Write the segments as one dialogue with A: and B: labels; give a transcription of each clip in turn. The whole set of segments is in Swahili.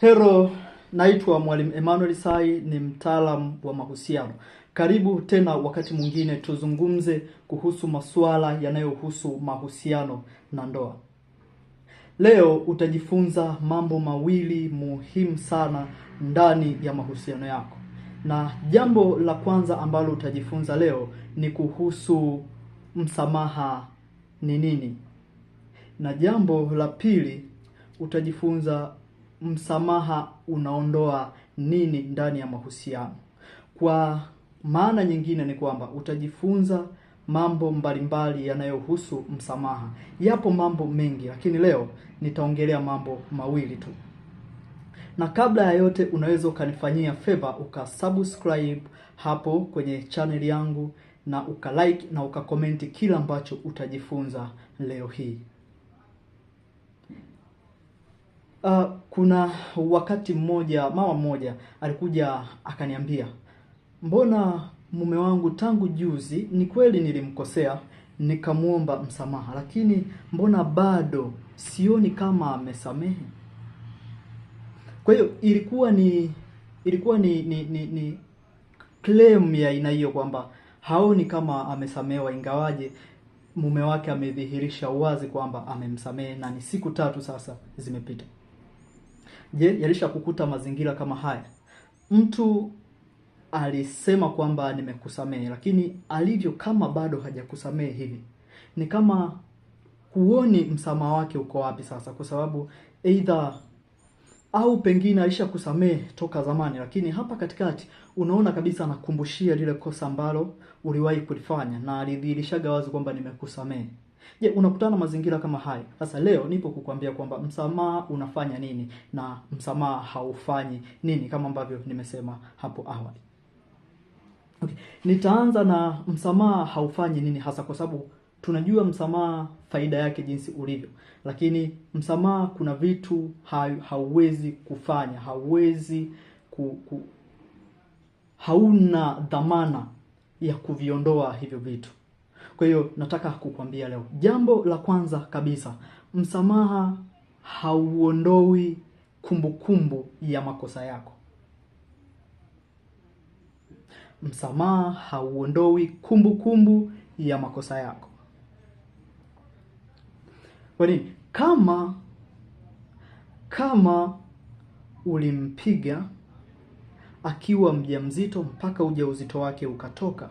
A: hero naitwa Mwalimu Emmanuel Sai, ni mtaalamu wa mahusiano. Karibu tena wakati mwingine tuzungumze kuhusu masuala yanayohusu mahusiano na ndoa. Leo utajifunza mambo mawili muhimu sana ndani ya mahusiano yako. Na jambo la kwanza ambalo utajifunza leo ni kuhusu msamaha ni nini? Na jambo la pili utajifunza msamaha unaondoa nini ndani ya mahusiano? Kwa maana nyingine ni kwamba utajifunza mambo mbalimbali yanayohusu msamaha. Yapo mambo mengi, lakini leo nitaongelea mambo mawili tu. Na kabla ya yote, unaweza ukanifanyia favor ukasubscribe hapo kwenye chaneli yangu na ukalike na ukakomenti kila ambacho utajifunza leo hii. Uh, kuna wakati mmoja mama mmoja alikuja akaniambia, mbona mume wangu tangu juzi, ni kweli nilimkosea nikamwomba msamaha, lakini mbona bado sioni kama amesamehe. Kwa hiyo ilikuwa ni ilikuwa ni ni, ni, ni claim ya aina hiyo kwamba haoni kama amesamehewa, ingawaje mume wake amedhihirisha wazi kwamba amemsamehe na ni siku tatu sasa zimepita. Je, yalishakukuta mazingira kama haya? Mtu alisema kwamba nimekusamehe, lakini alivyo kama bado hajakusamehe hivi, ni kama huoni msamaha wake uko wapi sasa, kwa sababu either au pengine alishakusamehe toka zamani, lakini hapa katikati unaona kabisa anakumbushia lile kosa ambalo uliwahi kulifanya, na alidhihirishaga wazi kwamba nimekusamehe. Je, unakutana na mazingira kama haya? Sasa leo nipo kukuambia kwamba msamaha unafanya nini na msamaha haufanyi nini, kama ambavyo nimesema hapo awali. Okay. Nitaanza na msamaha haufanyi nini hasa, kwa sababu tunajua msamaha faida yake jinsi ulivyo, lakini msamaha kuna vitu hauwezi kufanya, hauwezi ku, ku, hauna dhamana ya kuviondoa hivyo vitu. Kwa hiyo nataka kukwambia leo, jambo la kwanza kabisa, msamaha hauondoi kumbukumbu ya makosa yako. Msamaha hauondoi kumbukumbu ya makosa yako. Kwa nini? Kama kama ulimpiga akiwa mjamzito mpaka ujauzito wake ukatoka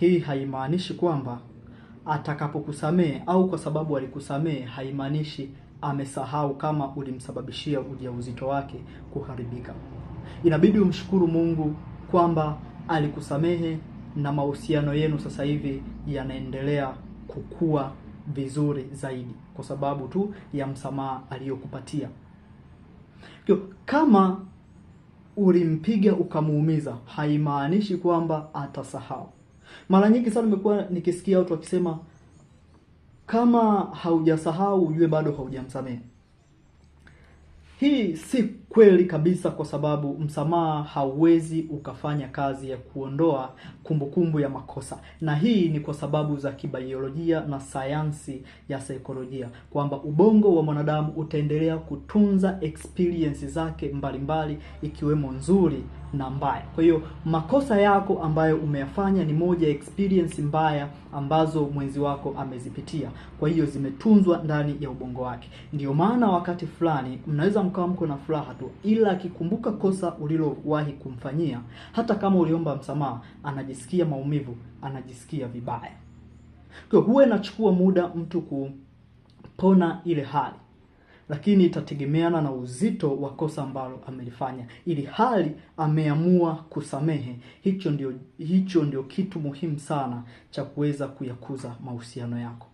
A: hii haimaanishi kwamba atakapokusamehe au kwa sababu alikusamehe, haimaanishi amesahau kama ulimsababishia ujauzito wake kuharibika. Inabidi umshukuru Mungu kwamba alikusamehe na mahusiano yenu sasa hivi yanaendelea kukua vizuri zaidi kwa sababu tu ya msamaha aliyokupatia. Kama ulimpiga ukamuumiza, haimaanishi kwamba atasahau. Mara nyingi sana nimekuwa nikisikia watu wakisema kama haujasahau ujue bado haujamsamehe. Hii si Kweli kabisa, kwa sababu msamaha hauwezi ukafanya kazi ya kuondoa kumbukumbu kumbu ya makosa, na hii ni kwa sababu za kibaiolojia na sayansi ya saikolojia, kwamba ubongo wa mwanadamu utaendelea kutunza experience zake mbalimbali, ikiwemo nzuri na mbaya. Kwa hiyo makosa yako ambayo umeyafanya ni moja ya experience mbaya ambazo mwenzi wako amezipitia, kwa hiyo zimetunzwa ndani ya ubongo wake. Ndiyo maana wakati fulani mnaweza mkawa mko na furaha watu, ila akikumbuka kosa ulilowahi kumfanyia, hata kama uliomba msamaha, anajisikia maumivu, anajisikia vibaya. Kwa huwa inachukua muda mtu kupona ile hali, lakini itategemeana na uzito wa kosa ambalo amelifanya, ili hali ameamua kusamehe. Hicho ndio, hicho ndio kitu muhimu sana cha kuweza kuyakuza mahusiano yako.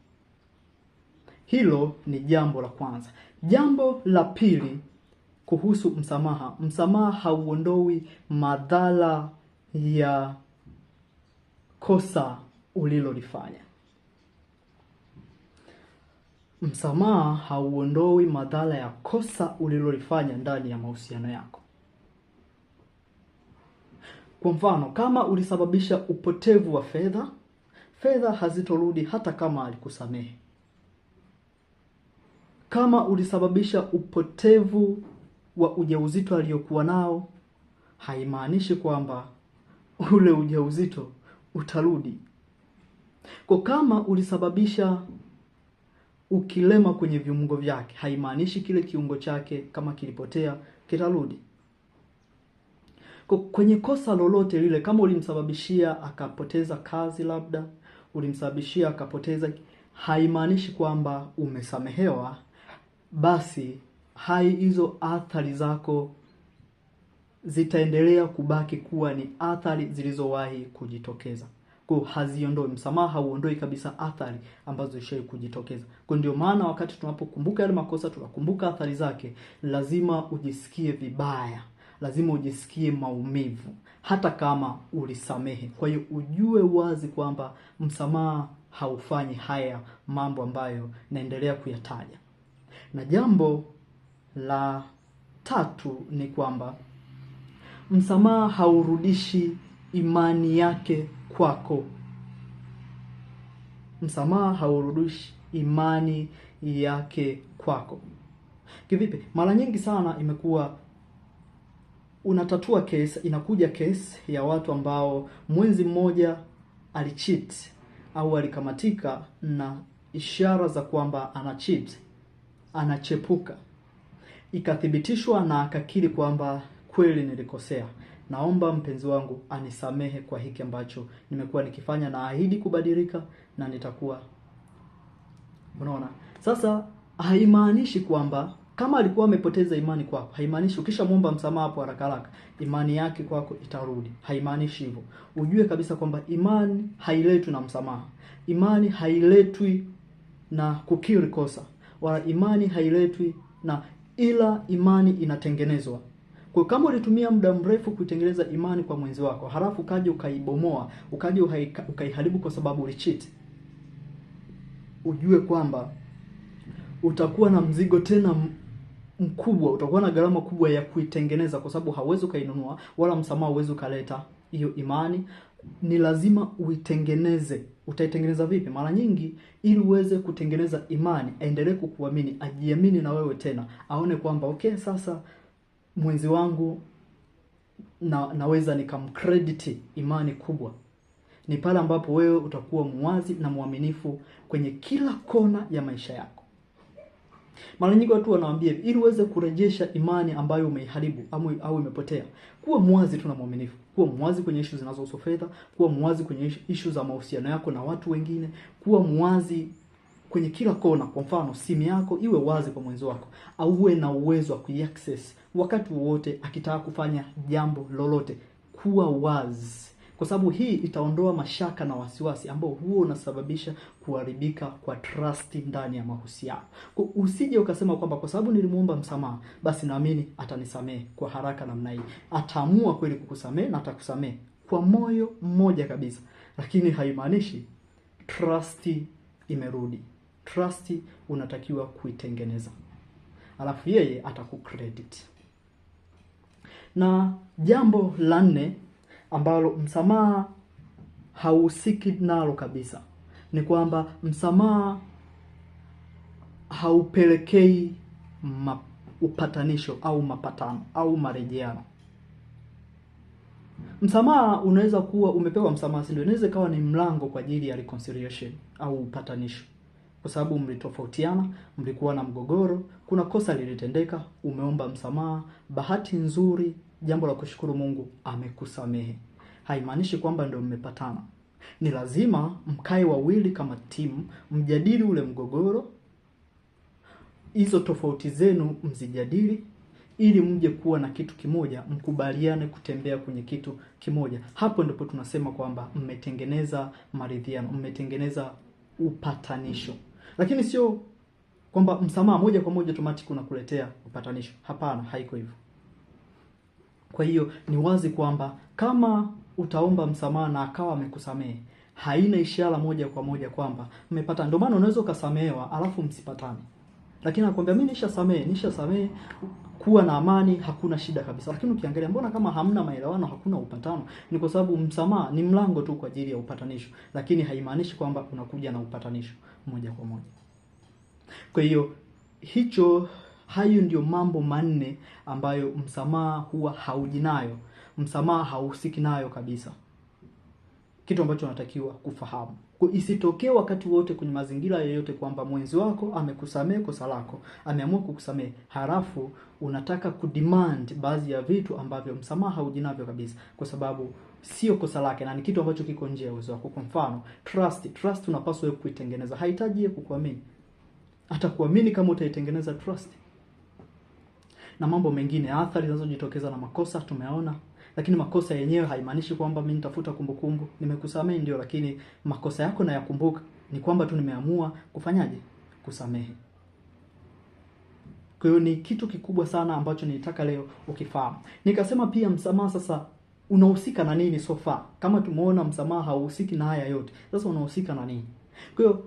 A: Hilo ni jambo la kwanza. Jambo la pili kuhusu msamaha. Msamaha hauondoi madhara ya kosa ulilolifanya. Msamaha hauondoi madhara ya kosa ulilolifanya ndani ya mahusiano yako. Kwa mfano, kama ulisababisha upotevu wa fedha, fedha hazitorudi hata kama alikusamehe. Kama ulisababisha upotevu wa ujauzito aliokuwa nao haimaanishi kwamba ule ujauzito utarudi. Kwa kama ulisababisha ukilema kwenye viungo vyake, haimaanishi kile kiungo chake kama kilipotea kitarudi. Kwa kwenye kosa lolote lile, kama ulimsababishia akapoteza kazi, labda ulimsababishia akapoteza, haimaanishi kwamba umesamehewa basi hai, hizo athari zako zitaendelea kubaki kuwa ni athari zilizowahi kujitokeza. Kwa haziondoi, msamaha hauondoi kabisa athari ambazo zilishai kujitokeza. Kwa ndio maana wakati tunapokumbuka yale makosa, tunakumbuka athari zake, lazima ujisikie vibaya, lazima ujisikie maumivu, hata kama ulisamehe. Kwa hiyo ujue wazi kwamba msamaha haufanyi haya mambo ambayo naendelea kuyataja na jambo la tatu ni kwamba msamaha haurudishi imani yake kwako. Msamaha haurudishi imani yake kwako. Kivipi? Mara nyingi sana imekuwa unatatua kesi, inakuja kesi ya watu ambao mwenzi mmoja alichit au alikamatika na ishara za kwamba anachit anachepuka ikathibitishwa na akakiri kwamba kweli nilikosea. Naomba mpenzi wangu anisamehe kwa hiki ambacho nimekuwa nikifanya, na ahidi kubadilika na nitakuwa. Unaona, sasa haimaanishi kwamba kama alikuwa amepoteza imani kwako, haimaanishi ukishamwomba msamaha hapo haraka haraka imani yake kwako itarudi. Haimaanishi hivyo. Ujue kabisa kwamba imani hailetwi na msamaha, imani hailetwi na kukiri kosa, wala imani hailetwi na ila imani inatengenezwa. Kwa kama ulitumia muda mrefu kuitengeneza imani kwa mwenzi wako, halafu ukaja ukaibomoa, ukaje ukaiharibu kwa sababu ulichit ujue kwamba utakuwa na mzigo tena mkubwa, utakuwa na gharama kubwa ya kuitengeneza, kwa sababu hauwezi ukainunua, wala msamaha huwezi ukaleta hiyo imani, ni lazima uitengeneze. Utaitengeneza vipi? Mara nyingi, ili uweze kutengeneza imani, aendelee kukuamini, ajiamini na wewe tena, aone kwamba okay, sasa mwenzi wangu na, naweza nikamkrediti imani kubwa ni pale ambapo wewe utakuwa muwazi na mwaminifu kwenye kila kona ya maisha yako. Mara nyingi watu wanawaambia hivi, ili uweze kurejesha imani ambayo umeiharibu au imepotea, kuwa mwazi tu na mwaminifu. Kuwa mwazi kwenye ishu zinazohusu fedha, kuwa mwazi kwenye ishu za mahusiano yako na watu wengine, kuwa mwazi kwenye kila kona. Kwa mfano, simu yako iwe wazi kwa mwenzi wako, au uwe na uwezo wa kuiaccess wakati wowote akitaka kufanya jambo lolote. Kuwa wazi kwa sababu hii itaondoa mashaka na wasiwasi ambao huo unasababisha kuharibika kwa trust ndani ya mahusiano. Usije ukasema kwamba kwa sababu nilimuomba msamaha, basi naamini atanisamehe kwa haraka namna hii. Ataamua kweli kukusamehe na atakusamehe kwa moyo mmoja kabisa, lakini haimaanishi trust imerudi. Trust unatakiwa kuitengeneza, alafu yeye atakucredit. Na jambo la nne ambalo msamaha hauhusiki nalo kabisa, ni kwamba msamaha haupelekei upatanisho au mapatano au marejeano. Msamaha unaweza kuwa umepewa msamaha, si Inaweza ikawa ni mlango kwa ajili ya reconciliation au upatanisho, kwa sababu mlitofautiana, mlikuwa na mgogoro, kuna kosa lilitendeka, umeomba msamaha, bahati nzuri jambo la kushukuru Mungu amekusamehe haimaanishi kwamba ndio mmepatana. Ni lazima mkae wawili kama timu, mjadili ule mgogoro, hizo tofauti zenu mzijadili, ili mje kuwa na kitu kimoja, mkubaliane kutembea kwenye kitu kimoja. Hapo ndipo tunasema kwamba mmetengeneza maridhiano, mmetengeneza upatanisho, lakini sio kwamba msamaha moja kwa moja automatic unakuletea upatanisho. Hapana, haiko hivyo. Kwa hiyo ni wazi kwamba kama utaomba msamaha na akawa amekusamehe, haina ishara moja kwa moja kwamba mmepatana. Ndio maana unaweza ukasamehewa alafu msipatane, lakini nakwambia mimi nishasamehe, nishasamehe, kuwa na amani, hakuna shida kabisa. Lakini ukiangalia, mbona kama hamna maelewano, hakuna upatano? Ni kwa sababu msamaha ni mlango tu kwa ajili ya upatanisho, lakini haimaanishi kwamba unakuja na upatanisho moja kwa moja. Kwa hiyo hicho Hayo ndio mambo manne ambayo msamaha huwa hauji nayo, msamaha hauhusiki nayo kabisa, kitu ambacho unatakiwa kufahamu. Isitokee wakati wote kwenye mazingira yoyote kwamba mwenzi wako amekusamee kosa lako, ameamua kukusamehe, harafu unataka kudemand baadhi ya vitu ambavyo msamaha hauji navyo kabisa, kwa sababu sio kosa lake na ni kitu ambacho kiko nje ya uwezo wako. Kwa mfano trust, trust unapaswa kuitengeneza, hahitaji yeye kukuamini, kuamini kama utaitengeneza trust na mambo mengine. Athari zinazojitokeza na makosa tumeona, lakini makosa yenyewe haimaanishi kwamba mimi nitafuta kumbukumbu. Nimekusamehe ndio, lakini makosa yako nayakumbuka. Ni kwamba tu nimeamua kufanyaje? Kusamehe. Kwa hiyo ni kitu kikubwa sana ambacho nilitaka leo ukifahamu. Nikasema pia msamaha sasa unahusika na nini sofa Kama tumeona msamaha hauhusiki na haya yote, sasa unahusika na nini? Kwa hiyo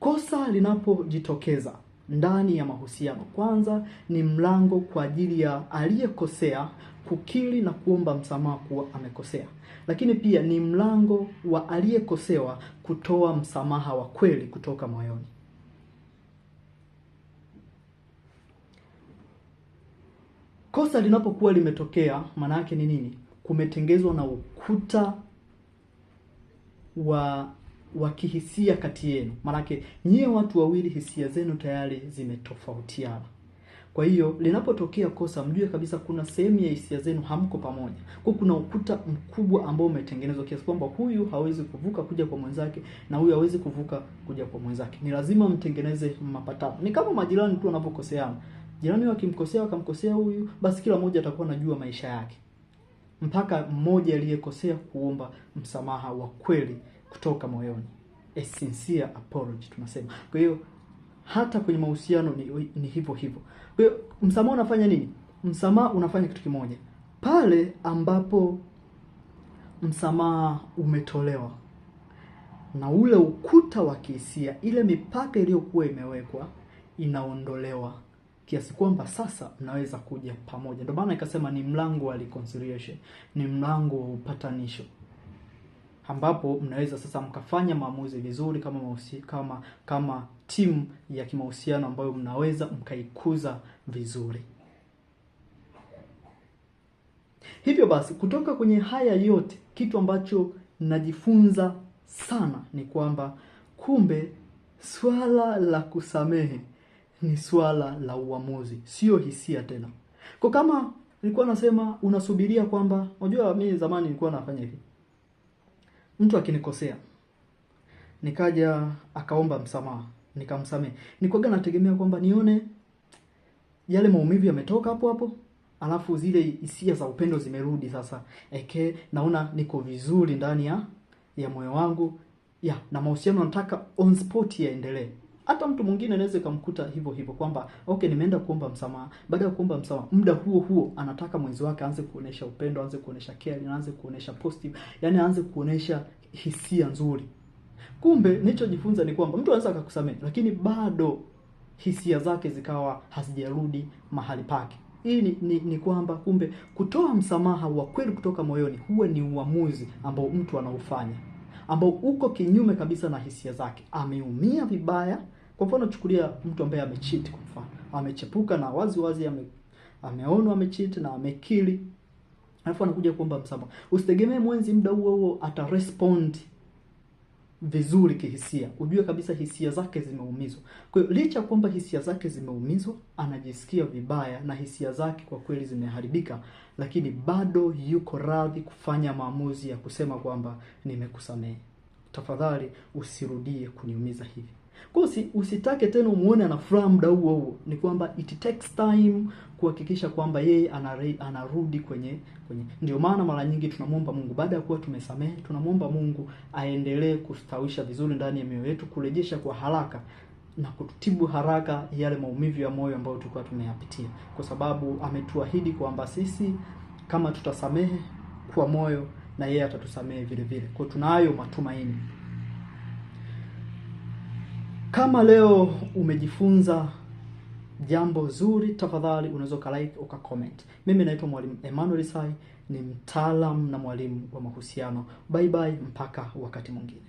A: kosa linapojitokeza ndani ya mahusiano. Kwanza ni mlango kwa ajili ya aliyekosea kukiri na kuomba msamaha kuwa amekosea, lakini pia ni mlango wa aliyekosewa kutoa msamaha wa kweli kutoka moyoni. Kosa linapokuwa limetokea, maana yake ni nini? Kumetengezwa na ukuta wa wa kihisia kati yenu, maanake nyie watu wawili hisia zenu tayari zimetofautiana. Kwa hiyo linapotokea kosa, mjue kabisa kuna sehemu ya hisia zenu hamko pamoja, kwa kuna ukuta mkubwa ambao umetengenezwa kiasi kwamba huyu hawezi kuvuka kuja kwa mwenzake na huyu hawezi kuvuka kuja kwa mwenzake. Ni lazima mtengeneze mapatano. Ni kama majirani tu wanapokoseana, jirani akimkosea akamkosea huyu, basi kila mmoja atakuwa anajua maisha yake, mpaka mmoja aliyekosea kuomba msamaha wa kweli kutoka moyoni, a sincere apology tunasema. Kwa hiyo hata kwenye mahusiano ni, ni hivyo hivyo. Kwa hiyo msamaha unafanya nini? Msamaha unafanya kitu kimoja, pale ambapo msamaha umetolewa na ule ukuta wa kihisia, ile mipaka iliyokuwa imewekwa inaondolewa kiasi kwamba sasa mnaweza kuja pamoja. Ndio maana ikasema ni mlango wa reconciliation, ni mlango wa upatanisho ambapo mnaweza sasa mkafanya maamuzi vizuri kama mausi, kama kama timu ya kimahusiano ambayo mnaweza mkaikuza vizuri. Hivyo basi kutoka kwenye haya yote, kitu ambacho najifunza sana ni kwamba kumbe swala la kusamehe ni swala la uamuzi, sio hisia tena. Kwa kama nilikuwa nasema unasubiria kwamba unajua, mimi zamani nilikuwa nafanya hivi mtu akinikosea nikaja akaomba msamaha nikamsamehe, nikwaga nategemea kwamba nione yale maumivu yametoka hapo hapo, alafu zile hisia za upendo zimerudi sasa. Eke, naona niko vizuri ndani ya ya moyo wangu ya na mahusiano nataka on spot yaendelee. Hata mtu mwingine anaweza kumkuta hivyo hivyo kwamba okay, nimeenda kuomba msamaha. Baada ya kuomba msamaha, muda huo huo anataka mwenzi wake aanze kuonesha upendo, aanze kuonesha care, aanze kuonesha positive, yani aanze kuonesha hisia nzuri. Kumbe nilichojifunza ni kwamba mtu anaweza akakusamehe, lakini bado hisia zake zikawa hazijarudi mahali pake. Hii ni, ni, ni kwamba kumbe kutoa msamaha wa kweli kutoka moyoni huwa ni uamuzi ambao mtu anaofanya ambao uko kinyume kabisa na hisia zake. Ameumia vibaya, kwa mfano chukulia mtu ambaye amecheat kwa mfano, amechepuka na wazi wazi ame, ameonwa amecheat na amekili. Alafu anakuja kuomba msamaha. Usitegemee mwenzi muda huo huo ata respond vizuri kihisia. Ujue kabisa hisia zake zimeumizwa. Kwa hiyo licha kwamba hisia zake zimeumizwa, anajisikia vibaya na hisia zake kwa kweli zimeharibika, lakini bado yuko radhi kufanya maamuzi ya kusema kwamba nimekusamehe. Tafadhali usirudie kuniumiza hivi. Kwa usi, usitake tena umuone ana furaha muda huo huo. Ni kwamba it takes time kuhakikisha kwamba yeye anarudi kwenye kwenye. Ndio maana mara nyingi tunamwomba Mungu baada ya kuwa tumesamehe, tunamwomba Mungu aendelee kustawisha vizuri ndani ya mioyo yetu, kurejesha kwa haraka na kutibu haraka yale maumivu ya moyo ambayo tulikuwa tumeyapitia, kwa sababu ametuahidi kwamba sisi kama tutasamehe kwa moyo na yeye atatusamehe vile vile. Kwa tunayo matumaini. Kama leo umejifunza jambo zuri, tafadhali unaweza ukalike uka comment. Mimi naitwa Mwalimu Emmanuel Sai, ni mtaalam na mwalimu wa mahusiano. Bye bye, mpaka wakati mwingine.